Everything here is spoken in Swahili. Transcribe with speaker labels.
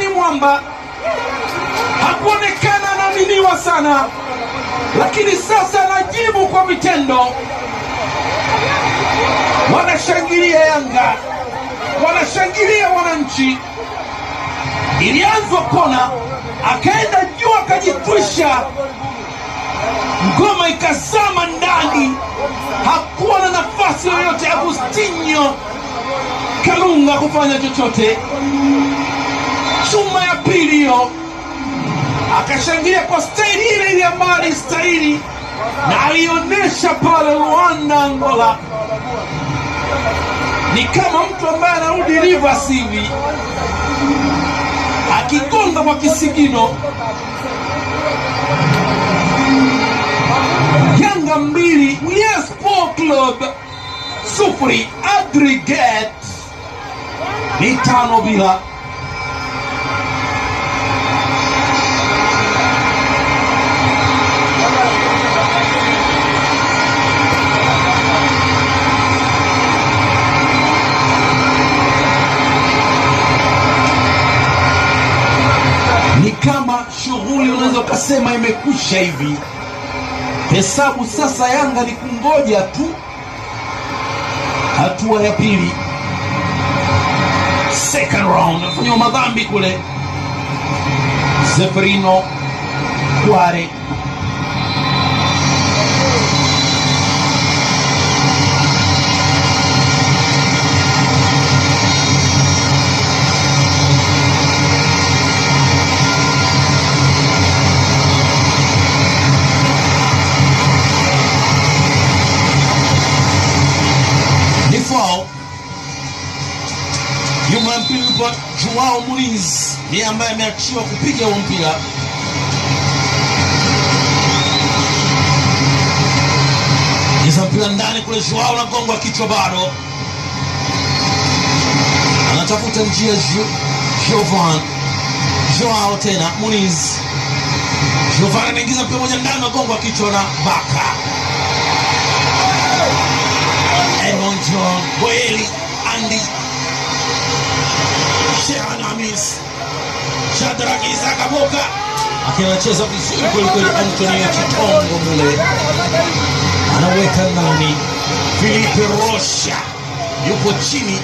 Speaker 1: ni mwamba. Hakuonekana anaaminiwa sana, lakini sasa anajibu kwa vitendo. Wanashangilia Yanga, wanashangilia wananchi. Ilianzwa kona, akaenda juu, akajitwisha ngoma, ikazama ndani, hakuwa na nafasi yoyote Agustinho Kalunga kufanya chochote chuma ya pili hiyo, akashangilia kwa staili ile ile ambayo alistahili na alionyesha pale Luanda, Angola. Ni kama mtu ambaye anarudi Rivers hivi akigonga kwa kisigino. Yanga mbili Mlia Sport Club sufuri, aggregate ni tano bila Akasema imekwisha hivi. Hesabu sasa, Yanga ni kungoja tu hatua ya pili, second round. Afanywa madhambi kule Zeferino Kware. hapa Joao Mulinzi ndiye ambaye ameachiwa kupiga huo mpira. Iza mpira ndani kule, Joao na gongo kichwa, bado anatafuta njia. Jovan Joao tena Muniz Jovan anaingiza mpira moja ndani na gongo kichwa na Baka Aaron John Boeli Andy Yes. Shadrach Isaka Boka akinacheza vizuri kwelikweli. Antonio Chitongo mule anaweka nani, Filipe Rosha yupo chini